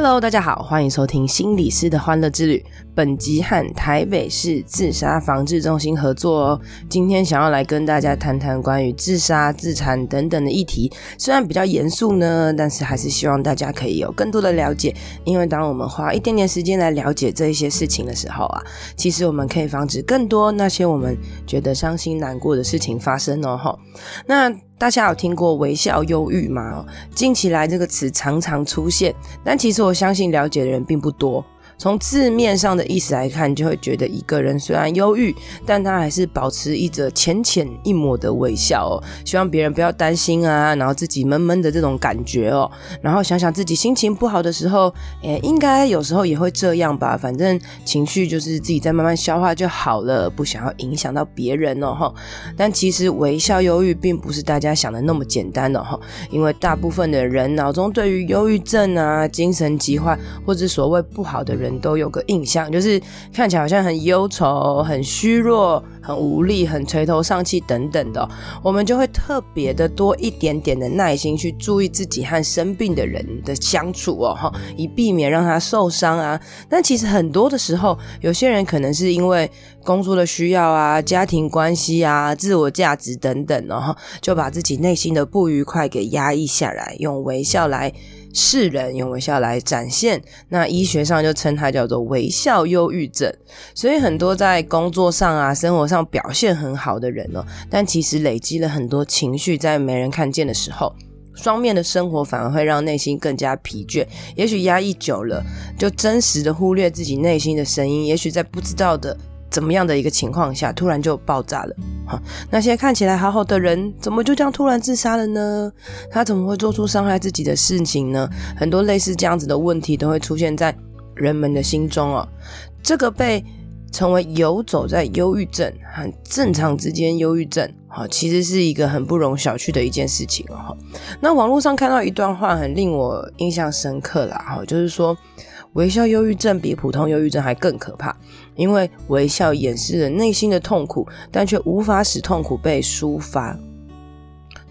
Hello，大家好，歡迎收聽心理師的歡樂之旅。本集和台北市自殺防治中心合作哦。今天想要來跟大家談談關於自殺、自殘等等的議題，雖然比較嚴肅呢，但是還是希望大家可以有更多的了解。因為當我們花一點點時間來了解這一些事情的時候啊，其實我們可以防止更多那些我們覺得傷心難過的事情發生哦。吼！那。大家有聽過微笑憂鬱嗎？近期來這個詞常常出現，但其實我相信了解的人並不多。從字面上的意思來看，就會覺得一個人雖然憂鬱，但他還是保持一著淺淺一抹的微笑哦，希望別人不要擔心啊，然後自己悶悶的這種感覺哦，然後想想自己心情不好的時候，哎，應該有時候也會這樣吧，反正情緒就是自己再慢慢消化就好了，不想要影響到別人哦，但其實微笑憂鬱並不是大家想的那麼簡單哦哈，因為大部分的人腦中對於憂鬱症啊、精神疾患或者所謂不好的人。都有個印象，就是看起來好像很憂愁、很虛弱、很無力、很垂頭喪氣等等的，哦，我們就會特別的多一點點的耐心去注意自己和生病的人的相處哦，以避免讓他受傷啊。但其實很多的時候，有些人可能是因為工作的需要啊、家庭關係啊、自我價值等等，哦，然後就把自己內心的不愉快給壓抑下來，用微笑來。世人用微笑來展現，那醫學上就稱它叫做微笑憂鬱症。所以很多在工作上啊、生活上表現很好的人呢、哦，但其實累積了很多情緒，在沒人看見的時候，雙面的生活反而會讓內心更加疲倦。也許壓抑久了，就真實的忽略自己內心的聲音。也許在不知道的，怎麼樣的一個情況下，突然就爆炸了？那些看起來好好的人，怎麼就這樣突然自殺了呢？他怎麼會做出傷害自己的事情呢？很多類似這樣子的問題，都會出現在人們的心中哦。這個被稱為游走在憂鬱症很正常之間，憂鬱症，其實是一個很不容小覷的一件事情哦。那網絡上看到一段話，很令我印象深刻啦，就是說，微笑憂鬱症比普通憂鬱症還更可怕。因為微笑掩飾了內心的痛苦，但卻無法使痛苦被抒發。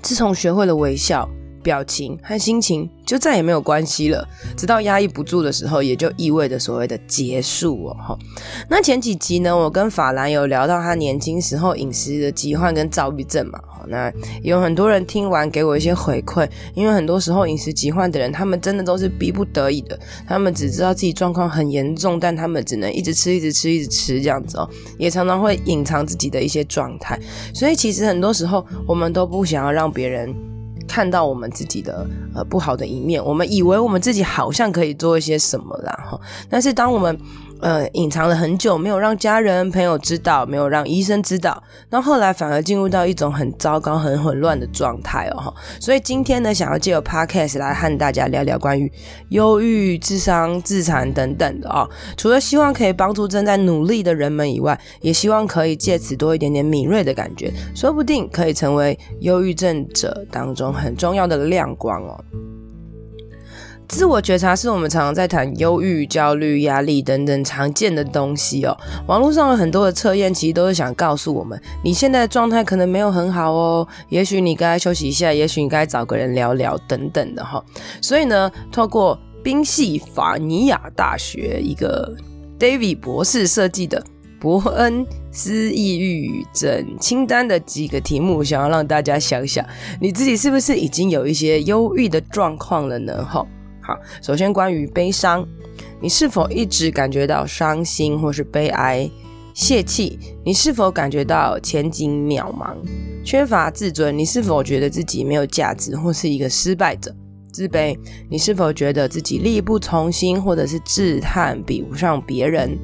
自從學會了微笑，表情和心情就再也沒有關係了，直到壓抑不住的時候，也就意味着所謂的結束哦。那前幾集呢，我跟法蘭有聊到他年輕時候飲食的疾患跟躁鬱症嘛。那有很多人聽完給我一些回饋，因為很多時候飲食疾患的人，他們真的都是逼不得已的，他們只知道自己狀況很嚴重，但他們只能一直吃，一直吃，一直吃這樣子哦。也常常會隱藏自己的一些狀態，所以其實很多時候我們都不想要讓別人。看到我們自己的呃不好的一面，我們以為我們自己好像可以做一些什麼啦哈，但是當我們。呃，隱藏了很久，沒有讓家人、朋友知道，沒有讓醫生知道，那後來反而進入到一種很糟糕、很混亂的狀態哦。所以今天呢，想要借由 podcast 來和大家聊聊關於憂鬱、自傷、自殘等等的哦。除了希望可以幫助正在努力的人們以外，也希望可以借此多一點點敏銳的感覺，說不定可以成為憂鬱症者當中很重要的亮光哦。自我覺察是我們常常在談憂鬱、焦慮、壓力等等常見的東西哦。網絡上的很多的測驗，其實都是想告訴我們，你現在的狀態可能沒有很好哦。也許你該休息一下，也許你該找個人聊聊等等的哈。所以呢，透過賓夕法尼亞大學一個 David 博士設計的伯恩斯抑鬱症清單的幾個題目，想要讓大家想想，你自己是不是已經有一些憂鬱的狀況了呢？哈。好，首先關於悲傷，你是否一直感覺到傷心或是悲哀？洩氣，你是否感覺到前景渺茫？缺乏自尊，你是否覺得自己沒有價值或是一個失敗者？自卑，你是否覺得自己力不從心或者是自嘆比不上別人？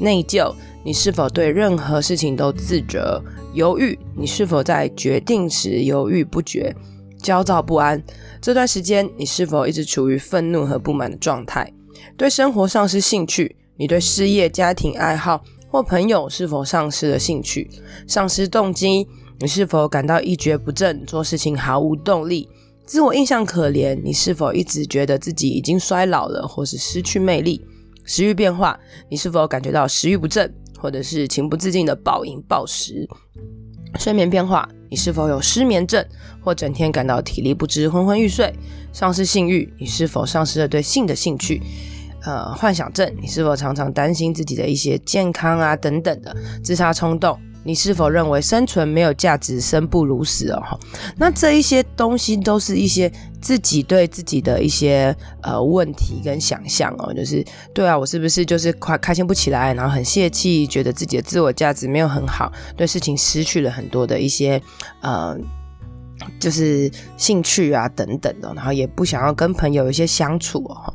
內疚，你是否對任何事情都自責？猶豫，你是否在決定時猶豫不決？焦躁不安，這段時間你是否一直處於憤怒和不滿的狀態？對生活喪失興趣，你對事業、家庭、愛好或朋友是否喪失了興趣？喪失動機，你是否感到一蹶不振，做事情毫無動力？自我印象可憐，你是否一直覺得自己已經衰老了，或是失去魅力？食欲變化，你是否感覺到食欲不振，或者是情不自禁的暴飲暴食？睡眠變化。你是否有失眠症，或整天感到體力不支、昏昏欲睡、喪失性慾？你是否喪失了對性的興趣？呃，幻想症？你是否常常擔心自己的一些健康啊等等的自殺衝動？你是否認為生存沒有價值，生不如死哦？那這一些東西都是一些自己對自己的一些呃問題跟想象哦，就是對啊，我是不是就是快開心不起來，然後很洩氣，覺得自己的自我價值沒有很好，對事情失去了很多的一些呃。就是興趣啊，等等的，然後也不想要跟朋友有一些相處哦。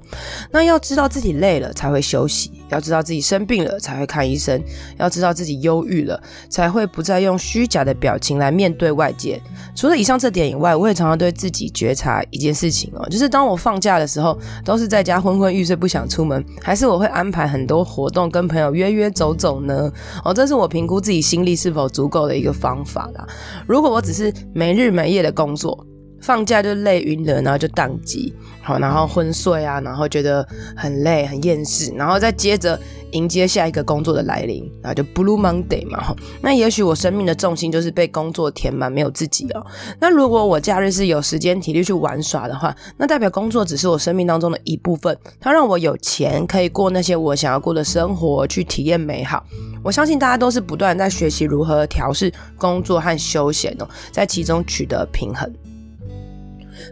那要知道自己累了才會休息，要知道自己生病了才會看醫生，要知道自己憂鬱了才會不再用虛假的表情來面對外界。除了以上這點以外，我也常常對自己覺察一件事情哦，就是當我放假的時候，都是在家昏昏欲睡，不想出門，還是我會安排很多活動跟朋友約約走走呢？哦，這是我評估自己心力是否足夠的一個方法啦。如果我只是沒日沒，業的工作。放假就累暈了，然後就宕機，好，然後昏睡啊，然後覺得很累、很厭世，然後再接着迎接下一個工作的來臨，然後就 Blue Monday 嘛。那也許我生命的重心就是被工作填滿，沒有自己哦。那如果我假日是有時間、體力去玩耍的話，那代表工作只是我生命當中的一部分，它讓我有錢可以過那些我想要過的生活，去體驗美好。我相信大家都是不斷在學習如何調試工作和休閒哦，在其中取得平衡。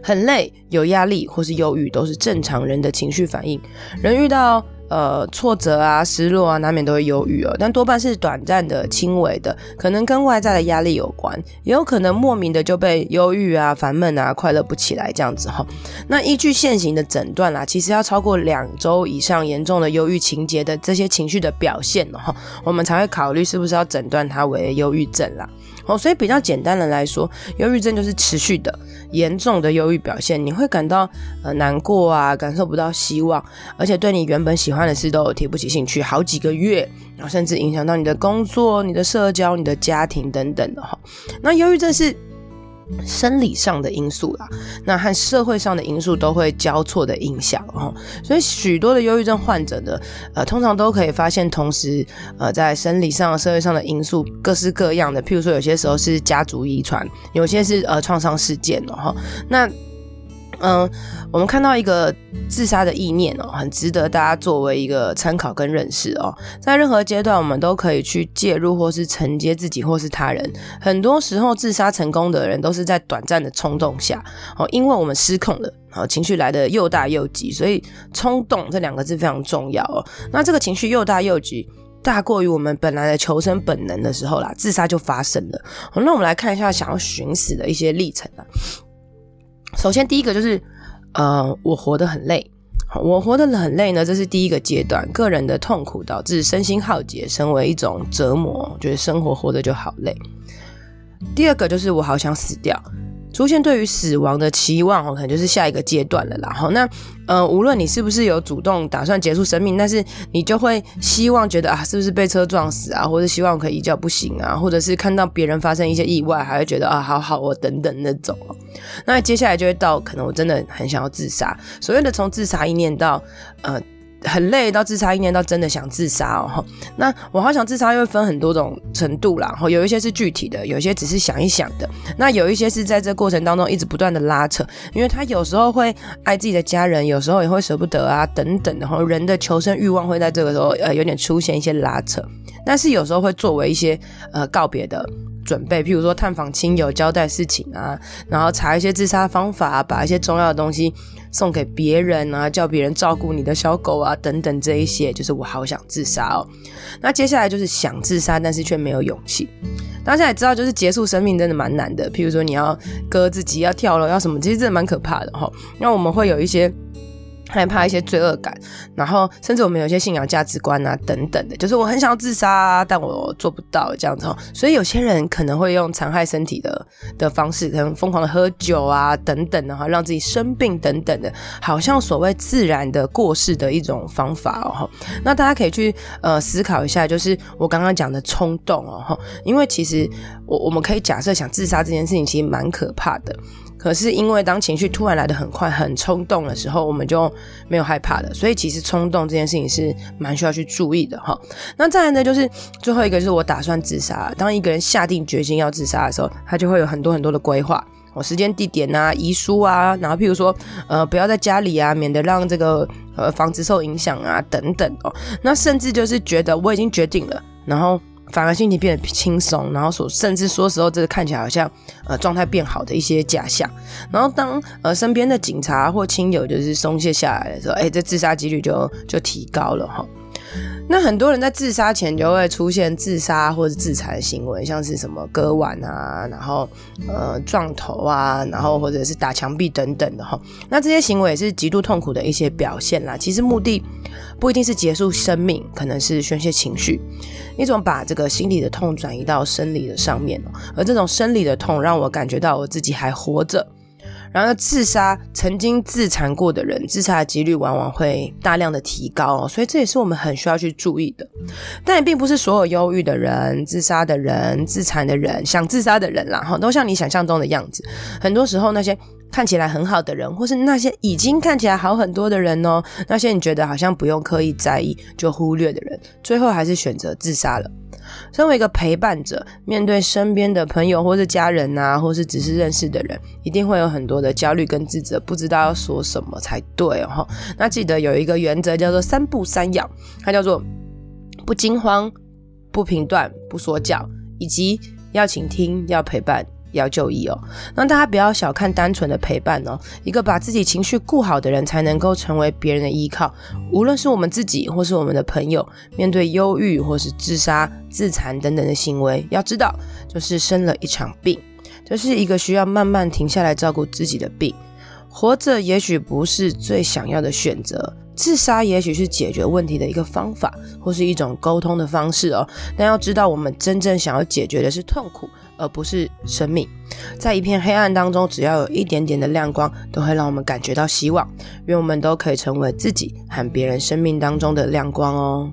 很累，有壓力或是憂鬱，都是正常人的情緒反應。人遇到呃挫折啊、失落啊，難免都會憂鬱哦，但多半是短暫的、輕微的，可能跟外在的壓力有關，也有可能莫名的就被憂鬱啊、煩悶啊、快樂不起來這樣子哈、哦。那依據現行的診斷啦，其實要超過兩周以上嚴重的憂鬱情節的這些情緒的表現哦，我們才會考慮是不是要診斷它為憂鬱症啦。哦，所以比較簡單的來說，憂鬱症就是持續的嚴重的憂鬱表現，你會感到呃難過啊，感受不到希望，而且對你原本喜歡的事都有提不起興趣，好幾個月，然後甚至影響到你的工作、你的社交、你的家庭等等的哈、哦。那憂鬱症是。生理上的因素啦，那和社會上的因素都會交錯的影響哦，所以許多的憂鬱症患者呢，呃，通常都可以發現同時，呃，在生理上、社會上的因素各式各樣的，譬如說有些時候是家族遺傳，有些是呃創傷事件哦，哈、哦，那。嗯，我們看到一個自殺的意念哦，很值得大家作為一個參考跟認識哦。在任何階段，我們都可以去介入或是承接自己或是他人。很多時候，自殺成功的人都是在短暫的衝動下哦，因為我們失控了啊，哦，情緒來得又大又急，所以衝動這兩個字非常重要哦。那這個情緒又大又急，大過於我們本來的求生本能的時候啦，自殺就發生了。哦，那我們來看一下想要尋死的一些歷程啊。首先，第一個就是，呃，我活得很累。我活得很累呢，這是第一個階段，個人的痛苦導致身心耗竭，成為一種折磨，覺得生活活得就好累。第二個就是，我好想死掉。出現對於死亡的期望可能就是下一個階段了啦。哈，那、呃、嗯，無論你是不是有主動打算結束生命，但是你就會希望覺得啊，是不是被車撞死啊，或者希望我可以一覺不醒啊，或者是看到別人發生一些意外，還會覺得啊，好好哦，我等等那種。那接下來就會到可能我真的很想要自殺，所謂的從自殺意念到嗯。呃很累到自殺，一年到真的想自殺哦。那我好想自殺，又會分很多種程度啦。有一些是具體的，有一些只是想一想的。那有一些是在這過程當中一直不斷的拉扯，因為他有時候會愛自己的家人，有時候也會捨不得啊等等。然後人的求生慾望會在這個時候呃有點出現一些拉扯，但是有時候會作為一些呃告別的。準備，譬如說探訪親友、交代事情啊，然後查一些自殺方法，把一些重要的東西送給別人啊，叫別人照顧你的小狗啊，等等，這一些就是我好想自殺哦。那接下來就是想自殺，但是卻沒有勇氣。大家也知道，就是結束生命真的蠻難的。譬如說你要割自己，要跳樓，要什麼，其實真的蠻可怕的齁。那我們會有一些。害怕一些罪惡感，然後甚至我們有些信仰價值觀啊等等的，就是我很想要自殺啊，但我做不到這樣子哦，所以有些人可能會用殘害身體的的方式，可能瘋狂的喝酒啊等等的話，讓自己生病等等的，好像所謂自然的過世的一種方法哦。那大家可以去呃思考一下，就是我剛剛講的衝動哦，因為其實我我們可以假設想自殺這件事情其實蠻可怕的。可是因為當情緒突然來得很快、很衝動的時候，我們就沒有害怕了，所以其實衝動這件事情是蠻需要去注意的哈。那再來呢，就是最後一個就是我打算自殺。當一個人下定決心要自殺的時候，他就會有很多很多的規劃哦，時間、地點啊，遺書啊，然後譬如說，呃，不要在家裡啊，免得讓這個呃房子受影響啊，等等哦。那甚至就是覺得我已經決定了，然後。反而心情變得輕鬆，然後甚至說時候，這個看起來好像呃狀態變好的一些假象。然後當呃身邊的警察或親友就是鬆懈下來的時候，哎、欸，這自殺幾率就就提高了哈。那很多人在自殺前就會出現自殺或者自殘行為，像是什麼割腕啊，然後呃撞頭啊，然後或者是打牆壁等等的齁。那這些行為是極度痛苦的一些表現啦。其實目的不一定是結束生命，可能是宣洩情緒，一種把這個心理的痛轉移到生理的上面，而這種生理的痛讓我感覺到我自己還活着。然後自殺，曾經自殘過的人，自殺的幾率往往會大量的提高，哦，所以這也是我們很需要去注意的。但也並不是所有憂鬱的人、自殺的人、自殘的人、想自殺的人啦，哈，都像你想象中的樣子。很多時候，那些看起來很好的人，或是那些已經看起來好很多的人哦，那些你覺得好像不用刻意在意就忽略的人，最後還是選擇自殺了。身為一個陪伴者，面對身邊的朋友或是家人啊，或是只是認識的人，一定會有很多的焦慮跟自責，不知道要說什麼才對哦。那記得有一個原則叫做“三不三要”，它叫做不驚慌、不評斷、不說教，以及要傾聽、要陪伴。要就醫哦，那大家不要小看單純的陪伴哦。一個把自己情緒顧好的人才能夠成為別人的依靠。無論是我們自己，或是我們的朋友，面對憂鬱，或是自殺、自殘等等的行為，要知道，就是生了一場病，就是一個需要慢慢停下來照顧自己的病。活着也許不是最想要的選擇，自殺也許是解決問題的一個方法，或是一種溝通的方式哦。但要知道，我們真正想要解決的是痛苦，而不是生命。在一片黑暗當中，只要有一點點的亮光，都會讓我們感覺到希望。願我們都可以成為自己和別人生命當中的亮光哦。